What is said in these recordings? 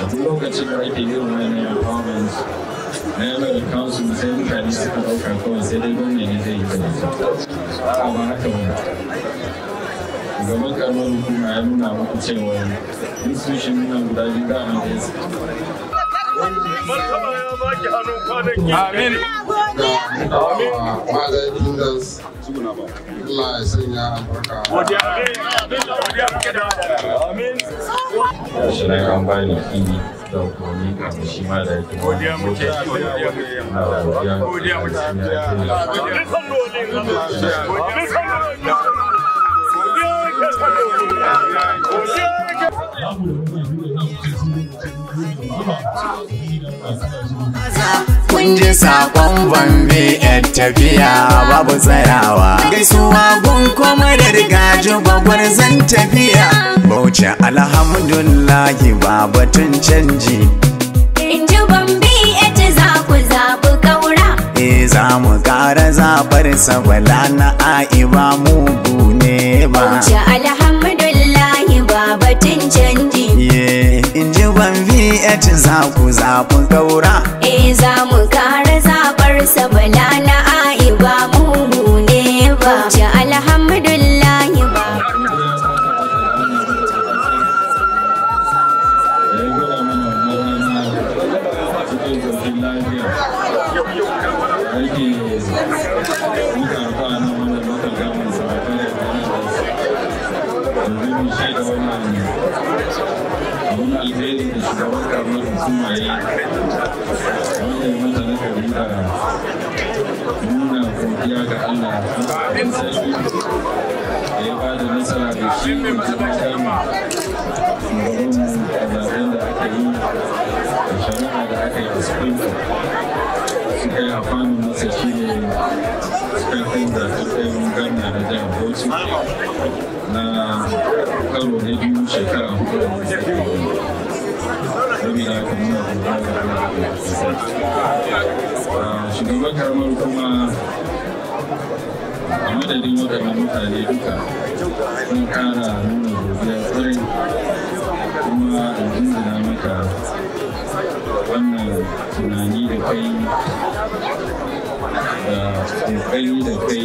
duk lokacin da ake irin wani performance na yana da kansu sai mutane suka ɗauka kawai sai dai gwamna ne zai yi kawai a ba haka ba gaban karuwar hukuma ya nuna muku cewa institution nuna guda biyu da amma da ya Amin. Amin. Malam Judas. Allah ya sanya albarka. Godiya. Godiya. Amin. shi an an bani fili don komi kan shi ma da yake godiya muke godiya muke godiya muke godiya muke godiya muke kun ji sakon bambe yar tafiya babu tsarawa gaisuwa gun kuma da rigaji bagwar zan tafiya bauchi alhamdulillahi babu tun canji in ji yace za ku zaɓi kaura e za mu ƙara zaɓar sabala na a'i ba mugu ne ba bauchi alhamdulillahi babu tun canji a zaku zafin kaura. E za mu kara sa bala na a'i ba mu ne ba. Ci alhamdulillahi ba. Thank you. wani alheri da shugaban karamar hukuma ya yi wanda ya mata na karinta nuna godiya ga Allah da ya ba da nasara shi da kuma kama shugaban a zaben da aka yi da shari'a da aka yi a supreme suka yi afanin masa shi ne suka kai zaɓen ganna da jihar Bauchi na karo na biyu shekara hudu saboda ah, shugaban karamar kuma a madadin waɗannan mutane duka sun ƙara nuna godiya tsirin kuma jinjina maka wannan tunani da kai da kokari da kai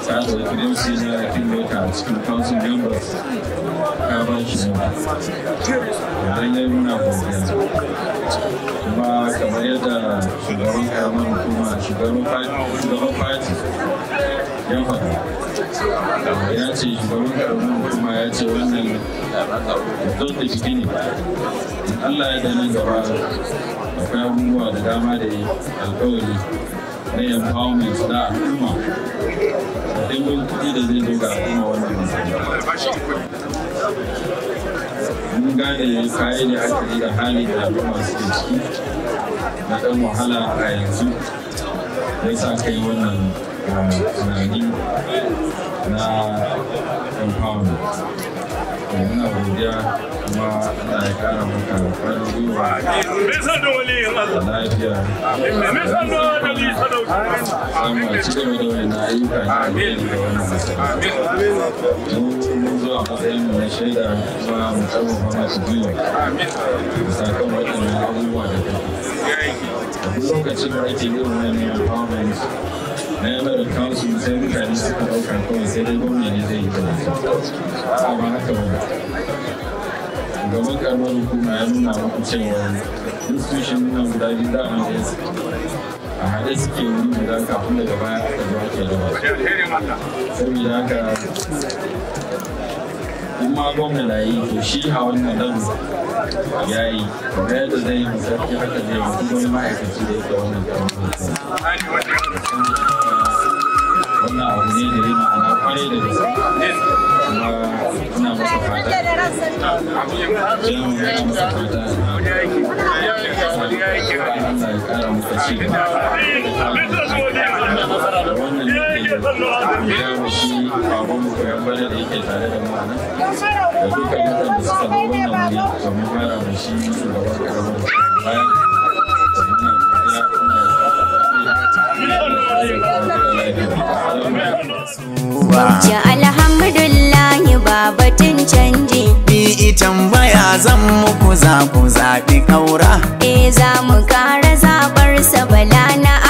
tsarin da gidan su na filmmaker cikin council members ka ba shi ne idan ya nuna godiya kamar yadda shugaban karamar hukuma shugaban party ya faɗa ya ce shugaban karamar hukuma ya ce wannan don da shi ne Allah ya da nan gaba akwai abubuwa da dama da alkawari na empowerment mai al'umma da ɗimbin kuɗi da zai duka kuma wannan mun gane kayi da aka yi da hali da al'umma suke ciki na ɗan wahala a yanzu ya sa kai wannan tunani na empowerment muna godiya kuma Allah ya kara maka kwarin gwiwa da lafiya samu a cikin wani na ayyuka ne da wannan matsala mun zuwa matsayin mu na shaida kuma mu karfafa masu gwiwa a kan waɗannan abubuwa da kake a lokacin da ake yin wani empowerment na yana mutane suka ɗauka kawai sai dai gwamna zai yi ta ba haka ya nuna muku cewa institution guda biyu da a suke wuri guda kafin daga baya aka zo ake raba saboda haka in ma yi to shi a wannan ya yi da yadda yi sarki haka zai yi kuma wani ma'aikaci da yake wannan wannan abu ne da yi ma'ana kwarai da Allah ya kara masa ci gaba baban mu da da alhamdulillahi canji Bi baya zan muku za ku zaɓi ƙaura E za mu ƙara bala na